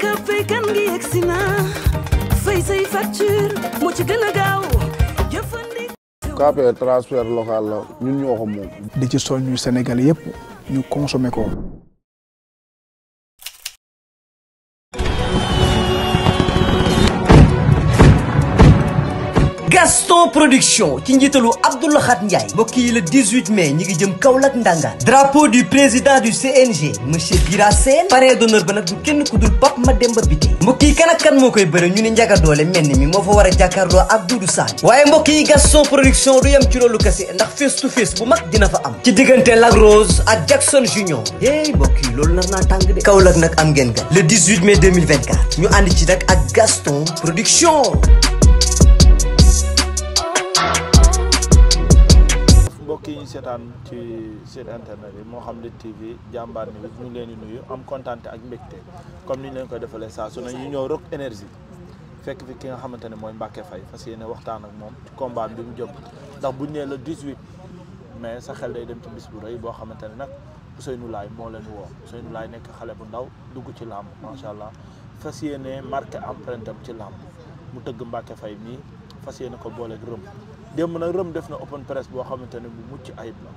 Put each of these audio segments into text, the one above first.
kër kan gi yegsi na fay say facture moo ci gën gaaw jëfandikoo. KPA transfert local la ñun ñoo moom. di ci soññu Sénégal yëpp ñu consomé ko. Gaston production ci njiitalu Abdoulahat Ndiaye mbokk yi le 18 mai ñi ngi jëm Kaolack Ndangaan drapeau du président du CNG monsieur Bira Sène parrain ba nag du kenn ku dul Pape Mademba Bitèye mbokk yi kan ak kan moo koy bëre ñu ne Ndiaga mel ni mi moo fa war a jàkkaarloo ak Doudou Sane waaye mbokk yi Gaston production du yem ci loolu kese ndax face to face bu mag dina fa am ci diggante Lac Rose ak Jackson Junior hey mbokk yi loolu nar naa tàng de Kaolack nag am ngeen ga le 18 mai 2024 ñu ànd ci nag ak Gaston ñuy seetaan ci site internet yi moo xam Lutte TV jàmbaar ni ñu leen di nuyu am kontaan ak mbégte comme ni leen koy defalee saa su ne ñu ñëw Rock Énergie fekk fi ki nga xamante ne mooy Mbacke Faye fas yéene waxtaan ak moom ci combat bi mu jëm ndax buñ nee le 18 mais sa xel day dem ci bis bu rëy boo xamante ne nag Ousseynou laay moo leen woo Ousseynou Laye nekk xale bu ndaw dugg ci làmb macha allah fas yéene marqué empreinte am ci làmb mu tëgg Mbacke Faye mii fas yéene ko booleeg rëm démb nag rëm def na open press boo xamante ne bu mucc ayib la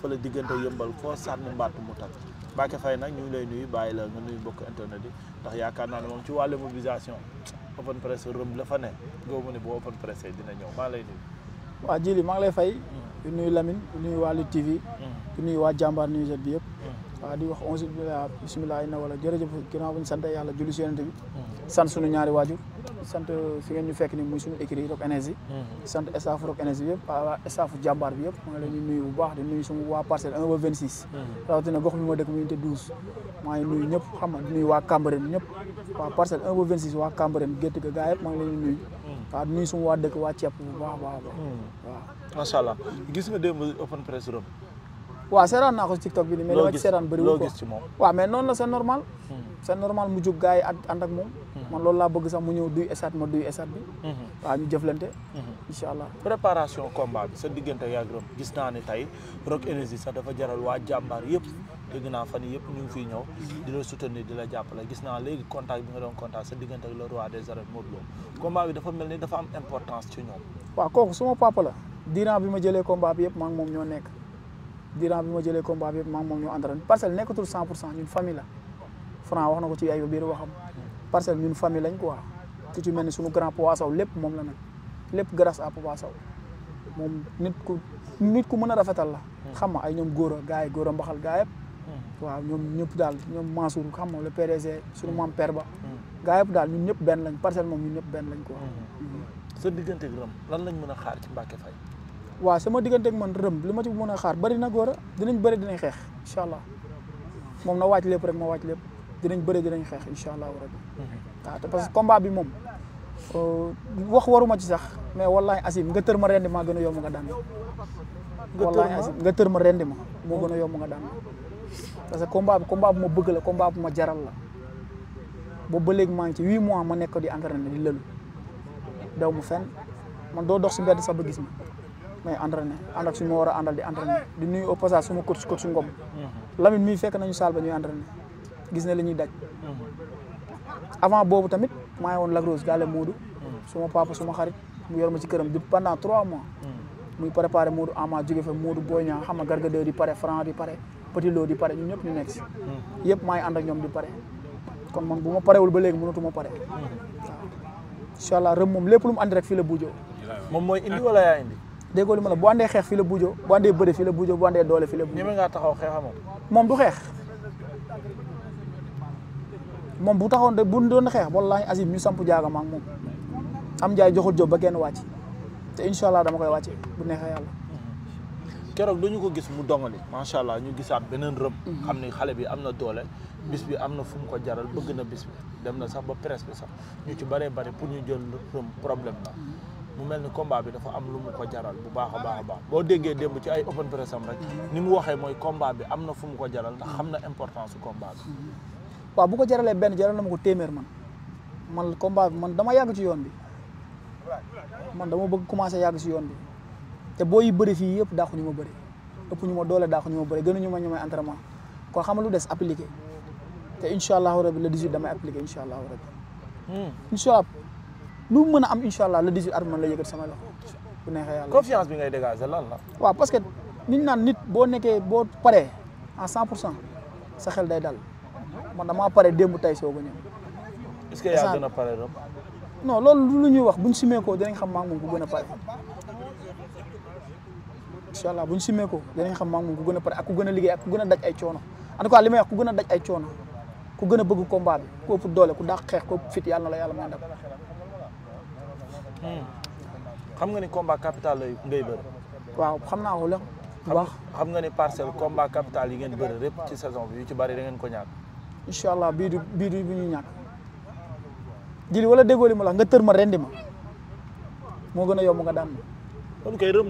fa la diggante yëmbal foo sànni mbatt mu tag Mbacké Faye nag ñu ngi lay nuyu bàyyi la nga nuyu mbokk internet yi ndax yaakaar naa ne moom ci wàllu mobilisation open press rëm la fa ne goo mu ne boo open press dina ñëw maa lay nuyu waa jili maa lay fay mm. di nuyu Lamine di TV mm. di nuyu waa jàmbaar nuyu bi yëpp mm. waaw di wax onze bismillah inna wala jërëjëf ginnaaw bu ñu sant yàlla julli si yonent sant fi ngeen ñu fekk ni muy suñu écrit Rock Énergie mm-hmm. sant staff Rock Énergie bi yëpp waa staff jàmbaar bi yëpp maa ngi leen di nuyu bu waa parcelle 1 ba mm-hmm. bi ma dëkk unité 12 maa ngi nuyu ñëpp xam nga di nuyu waa Cambérène ñëpp waa parcelle 1 ba 26 waa Cambérène gétt ga gaa yëpp maa ngi leen mm-hmm. waa dëkk waa ceeb bu baax baax baax waaw mais noonu la c'est normal c'est normal mu jóg gars yi ànd ak moom man loolu laa bëgg sax mu ñëw duy esaat ma duy esaat bi. Mhm. waaw ñu jëflante. Mhm. incha allah préparation combat bi sa diggante yàgg Rock gis naa ne tey Rock Énergie sax dafa jaral waa jàmbaar yëpp dégg naa fan yëpp ñu ngi fiy ñëw di la soutenir di la jàppale gis naa léegi contact bi nga doon contact sa diggante ak le roi des arènes Modou Lo combat bi dafa mel ni dafa am importance ci ñoom. waaw kooku suma papa la bi ma jëlee combat bi yëpp maa ngi moom ñoo nekk diiran bi ma jëlee combat bi yëpp maa ngi moom ñoo entraîné parce que nekkatul parcelle ñun famille lañ quoi ki ci mel ni suñu grand Papa Sow lépp moom la nag lépp grâce à Papa Sow moom nit ku nit ku mën a rafetal la. Hmm. xam nga ay ñoom góor a gars yi góor a mbaxal gars yëpp. Hmm. waaw ñoom ñëpp daal ñoom Mansour xam nga le PDG suñu hmm. maam père ba. gars yëpp daal ñun ñëpp benn lañ parcelle moom ñun ñëpp benn lañ quoi. sa diggante ak Rëm lan lañ mën a xaar ci Mbacké Faye. waaw sama diggante ak man Rëm li ma ci mën a xaar bari na góor a dinañ bëri dinañ xeex incha allah moom na wàcc lépp rek ma wàcc lépp. dinañ bëre dinañ xeex incha allahu rabi mhm. waaw te parce que combat bi moom euh, wax waruma ci sax mais wallahi asim nga tër ma rendi maa gën a yomb nga daan ma wallahi asim nga tër ma rendi moo gën a yomb nga daan parce que combat bi combat bu ma bëgg la combat bu ma jaral la boobu ba léegi maa ngi ci huit mois ma nekkoo di entraîné di lëlu daw mu fenn man doo dox si mbedd sax ba gis ma may entraîné ànd ak suñu ma war a àndal di entraîné di nuyu au passage suma coach coach Ngom mhm. Lamine mii fekk nañu saal ba ñuy entraîné gis na li ñuy daj. avant boobu tamit maa ngi woon Lagrosse gaale Moodu. suma papa suma xarit mu yor ma ci këram bi pendant trois mois. muy préparé Moodu ma jóge fa Moodu Boy Niang xam nga Gargadeur di pare Franc di pare Petit Lo di pare ñun ñëpp ñu nekk si. yëpp maa ngi ñoom di pare. kon man bu ma parewul ba léegi mënatu ma pare. incha allah rëm moom lépp lu mu andi rek fii la buujoo. moom mooy indi wala yaa indi. déggoo li ma la bu andee xeex fii la buujoo bu andee bëre bu andee doole fii la buujoo. ñeme ngaa taxaw xeex moom. xeex. moom bu taxoon de bu doon xeex wallaahi azim ñu samp jaaga ma ak moom am jaay joxul job ba kenn wàcc te incha allah dama koy wàcce bu neexee yàlla. keroog dañu ko gis mu dongali macha allah ñu gisaat beneen rëb. Mhm. xam ni xale bi am na doole. bis bi am na fu mu ko jaral bëgg na bis bi dem na sax ba presse sax ñu ci bëree bëri pour ñu jël rëm problème la. Mhm. mu mel ni combat bi dafa am lu mu ko jaral bu baax a baax baax boo déggee démb ci ay open press am rek ni mu waxee mooy combat bi am na fu mu ko jaral ndax xam na importance su combat bi waaw bu ko jaralee benn jaral na ma ko téeméer man man combat bi man dama yàgg ci yoon bi man dama bëgg commencé yàgg ci yoon bi te boo yi bëri fii yëpp daaxu ñu ma bëri ëpp ñu ma doole daaxu ñu ma bëri gënuñu ma ñu may entraînement kon xam nga lu des appliqué te incha allahu rabi le 18 damay appliqué incha allahu rabi hmm. incha allah lu mën a am incha allah la 18 avril man la yëkkati sama loxo bu neexee yàlla. confiance bi ngay dégager lan la. waaw parce que niñ naan nit boo nekkee boo paree à 100 pour cent sa xel day dal man damaa pare démb tey soo ko que yaa gën a pare rek. non loolu lu ñuy wax buñ simee ko xam maa ngi moom a pare. incha allah buñ simee ko dinañ xam maa ngi moom ku gën pare ak ku gën a liggéey ak ku gën a daj ay coono en tout cas li may wax ku gën a daj ay coono ku gën a bëgg combat bi ku doole ku dàq xeex ku fit yàlla na la yàlla may ndam xam nga ni combat capital lay ngay bëri. waaw xam naa wala bu xam nga ni parcelle combat capital yi ngeen bëri rëpp ci saison bi yu ci bari da ko ñàkk. incha allah bii du bii du bu ñu ñàkk. jili wala déggoo li ma la nga tër ma rendi ma moo gën a yomb nga daan ma. kon kay rëm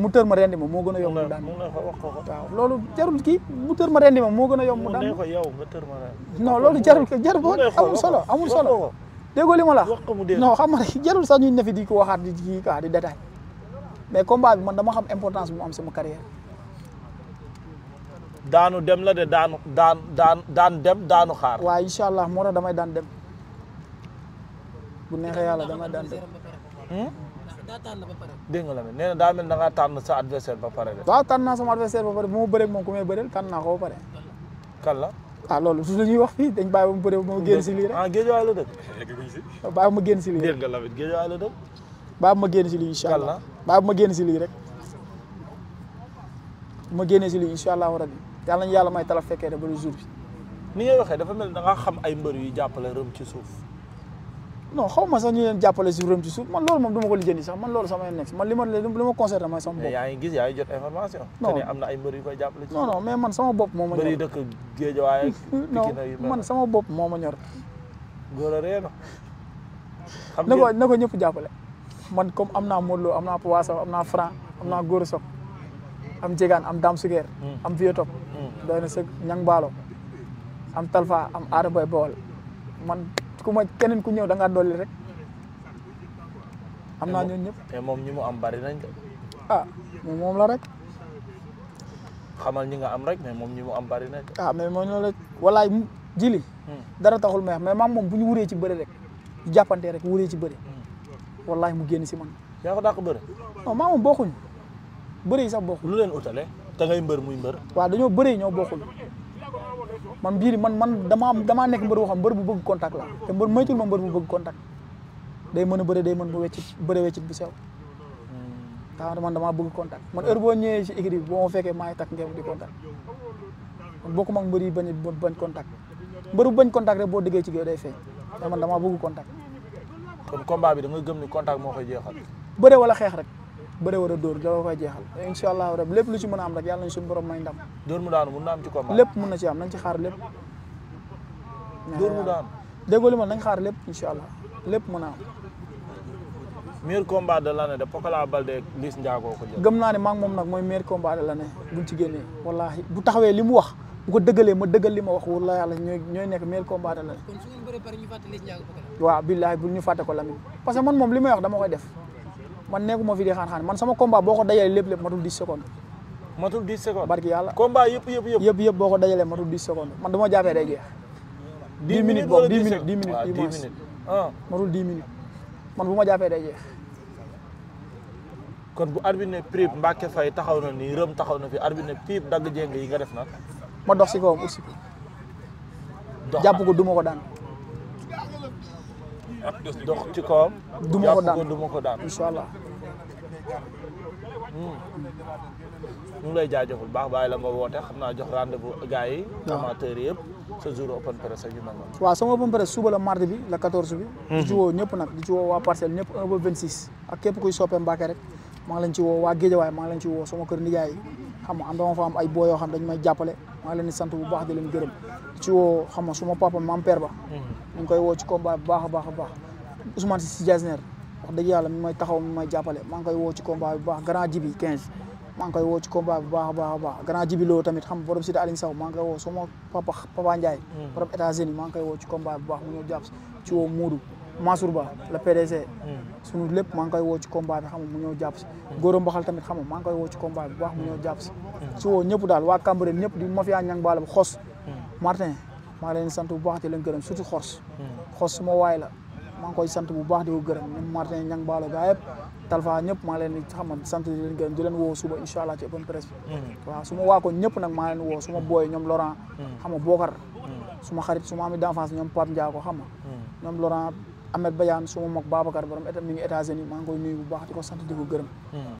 mu tër ma rendi ma moo gën a yomb daan ma waaw loolu jarul kii mu moo gën a yomb yow nga tër ma rendi. non loolu jarul jarul amul solo amul solo. déggoo li ma la non xam nga jarul sax ñu ne fi di ko waxaat di kii quoi di détail mais combat bi man dama xam importance bu mu am sama carrière daanu dem la de daanu daan daan daan dem daanu xaar. waaw incha moo tax damay daan dem bu neexee yàlla damay daan dem. Hmm? la nee na daa mel da ngaa tànn sa adversaire ba pare de. waaw tànn naa sama adversaire ba pare bu ma bëree moom ku may bëreel tànn naa ko ba pare. la. ah loolu du lu ñuy wax fii dañ baa ba mu bëre ba ma génn si lii rek. ah géejawaay la dëkk. bàyyi ma génn si lii rek dégg nga la géejawaay la ma génn si lii incha allah bàyyi ma génn si lii rek. ma génnee si lii incha allahu rabi yàlla nañu yàlla may tala fekkee rek ba le jour bi. ni ngay waxee dafa mel da nga xam ay mbër yu jàppale rëm ci suuf. non ma sax ñu leen jàppale si rëm ci suuf man loolu moom du ma ko lijjanti sax man loolu ma li ma moo ma ñor mbër a réer na ko na ko ñëpp jàppale. man comme am naa Modou Lo am naa Papa Sow am naa Franc am naa Gora am Jegaan am Dame Suguer hmm. am Vieux-Top hmm. doy na sëg Ñang Baalo am Talfa am Aada Boy Bawol ku ma keneen ku ñëw da ngaa dolli rek am naa ñooñu ñëpp. te moom ñi mu am bari nañ de. ah mais moom la rek. xamal ñi nga am rek mais moom ñi mu am bari nañ. ah mais moom la walaay jili hmm. dara taxul may wax mais maam moom bu ñu wuree ci bëri rek ñu jàppante rek wuree ci bëri. Hmm. walaay mu génn si man. yaa ko dàq bëri. non maam moom bokkuñu bëri yi sax bokkul. lu leen utale te ngay mbër muy mbër. waaw dañoo bëri ñoo bokkul. man biir man man damaa damaa nekk mbër boo xam mbër bu bëgg contact la te mbër moytul ma mbër bu bëgg contact day mën a bëre day mën bu weccit bëre weccit bu sew waaw hmm. man damaa bëgg contact man heure boo ñëwee ci écrit boo ma fekkee maa ngi takk ngeen di contact man bokkuma ak mbër yi bañ bañ contact mbër bu bañ contact rek boo déggee ci géew day feeñ te man damaa bëgg contact kon combat bi da gëm ni contact moo koy jeexal bëre wala xeex rek bëre war a dóor da koy jeexal incha allahu rabi lépp lu ci mën a am rek yàlla nañ suñu borom may ndam. dóor mu daanu mun na am ci combat. lépp mun na ci am nañ ci xaar mu daanu. déggoo ma nañ xaar lépp incha allah lépp mën a am. meilleur combat de l'année de Pokola Baldé Liss Ndiago ko ne maa ngi moom nag mooy meilleur combat de l'année buñ ci génnee wallaahi bu taxawee li mu wax bu ko dëggalee ma dëggal li ma wax wallaahi yàlla ñooy ñooy nekk meilleur combat de l'année. kon su ngeen bëree pare ñu fàtte billaahi bu ñu fàtte ko la parce que man moom li may wax dama koy def man nekkuma fi di xaan-xaan man sama combat boo ko dajalee lépp lépp matul 10 secondes matul 10 secondes barki yàlla combat yëpp yëpp yëpp yëpp yëpp boo ko dajalee matul 10 secondes man dama jaafee day jeex 10 minutes boobu 10 minutes 10 minutes 10 ah, minutes ah. matul 10 minutes bu ma jaafee day jeex kon bu arbitre ne prip Mbacke Faye taxaw na nii rëm taxaw na fi arbitre ne prip dagg jéng yi nga def na ma dox si kawam aussi jàpp ko duma ko daan dox ci kawam duma ko daan duma ko daan incha allah Hmm. ñu ngi lay jaajëfal baax bàyyi la nga woote xam naa jox rendez-vous gars sa jour open press ak yu la mardi bi la 14 bi. di ci hmm. woo ñëpp nag di ci woo waa parcelle ñëpp 1 ba 26. ak képp kuy soppee Mbàkke rek maa ngi leen ci woo waa Géejawaay maa ngi leen ci woo sama kër nijaay yi xam ma am dama fa am ay boo yoo xam dañu may jàppale maa ngi leen di sant bu baax di gërëm di ci woo xam nga suma papa maam père ba. Hmm. ñu ngi koy woo ci combat bu baax a baax a baax Ousmane Sy Diasner wax dëgg yàlla mi may taxaw mi may jàppale maa ngi koy woo ci combat bu baax grand jibi 15 maa ngi woo ci combat baax a baax a baax grand jibi loo tamit xam borom sida Alioune Sow hmm. maa ngi koy woo ci combat bu baax mu ñëw jàpp ci woo Moodu Mansour Ba le PDG hmm. sunu lépp maa ngi koy woo ci combat bi xam mu ñëw jàpp si hmm. góor mbaxal tamit bu baax mu ñëw jàpp si si woo ñëpp daal waa Cambérène ñëpp di mafia ñang baala bu xos Martin maa leen sant bu baax te leen gërëm surtout xors xos suma waay la maa ngi koy sant bu baax di ko gërëm ñoom Martin Niang Baalo gaa yëpp Talfa ñëpp maa leen di xamal sant di leen gërëm di leen woo suba incha allah ci open press bi mm-hmm. su ma waa ko ñëpp nag maa leen woo su ma booy ñoom Laurent mm-hmm. xam nga Bokar mm-hmm. suma xarit suma ami d'enfance ñoom Pape Ndiago xam nga ñoom Laurent Ahmed Bayane suma mag Babacar borom mi ngi États-Unis maa koy nuyu bu baax di ko sant di ko gërëm